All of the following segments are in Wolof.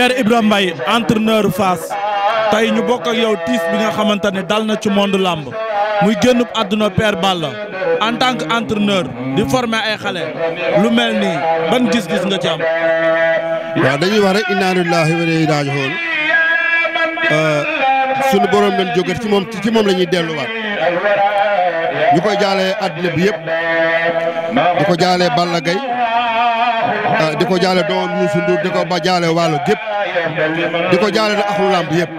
Père Ibrahima Mbaye entraîneur Fass tey ñu bokk ak yow tiis bi nga xamante ne dal na ci monde làmb muy génnub àdduna Père Balla en tant que entraîneur di forme ay xale lu mel nii ban gis-gis nga ci am. waa dañuy wax rek inna lillahi wa inna euh, sunu borom lañ jóge ci moom ci moom la ñuy delluwaat ñu koy jaalee àdduna bi yëpp ñu ko jaalee Balla Gaye Ah, di ko jaale doo Youssou Ndour di ko ba jaale wàllu gépp di ko jaale na axlu làmb yëpp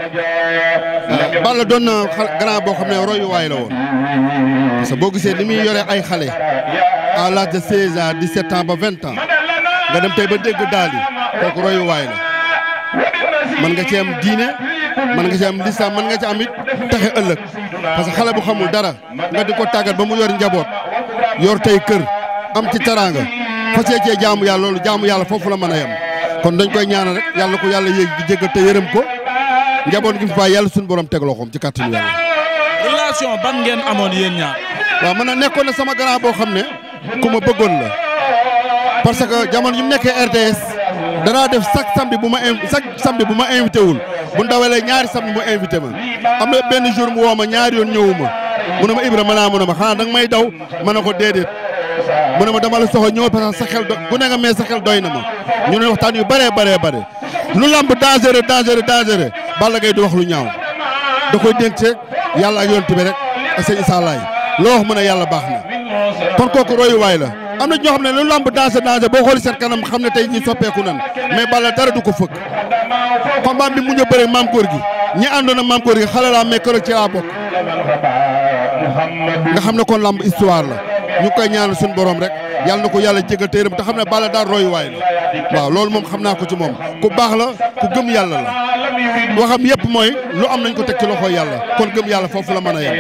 ah, Balla doon na grand boo xam ne la woon parce boo gisee ni muy yore ay xale à l'âge de 16 ans 17 ba 20 ans nga dem tey ba dégg daal yi kooku royuwaay la mën nga ci am diine mën nga ci am lislaam mën nga ci am it taxe ëllëg parce que xale bu xamul dara nga di ko tàggat ba mu yor njaboot yor tey kër am ci teraanga fas yéene cee jaamu yàlla loolu jaamu yàlla foofu la mën a yem kon dañ koy ñaanal rek yàlla ko yàlla yéeg di jéggal te yërëm ko njaboot gi fi bàyyi yàlla suñu borom teg loxoom ci kàttanu yàlla. relation ban ngeen amoon yéen ñaar. waaw man a nekkoon na sama grand boo xam ne ku ma bëggoon la parce que jamono ji mu nekkee RTS danaa def chaque samedi bu ma in chaque samedi bu ma invité wul bu ndawalee ñaari samedi mu invité ma am na benn jour mu woo ma ñaari yoon ñëwuma mu a ma Ibra ma naa ah, ma may daw mu ne ma dama la soxla ñëw parce sa xel do bu ne nga mais sa xel doy na ma ñu ne waxtaan yu bëree bare bëri lu lamb dangereux dangereux dangereux Balla Gaye du wax lu ñaaw da koy dénk yàlla ak yonent bi rek ak sëñ Issa loo wax mu ne yàlla baax na kon kooku royuwaay la am na ñoo xam ne lu lamb dangereux dangereux boo xooli seen kanam xam ne tey ñu soppeeku nan mais Balla dara du ko fëgg combat bi mu ñu bëre maam góor gi ñi àndoon na maam góor gi xale laa mais keroog ci ne kon lamb la. ñu koy ñaanal suñu boroom rek yàlla na ko yàlla jégal téeram te xam ne Balla daal royuwaay la waaw loolu moom xam naa ko ci moom ku baax la ku gëm yàlla la waxam yépp mooy lu am nañ ko teg ci loxo yàlla kon gëm yàlla foofu la mën a yem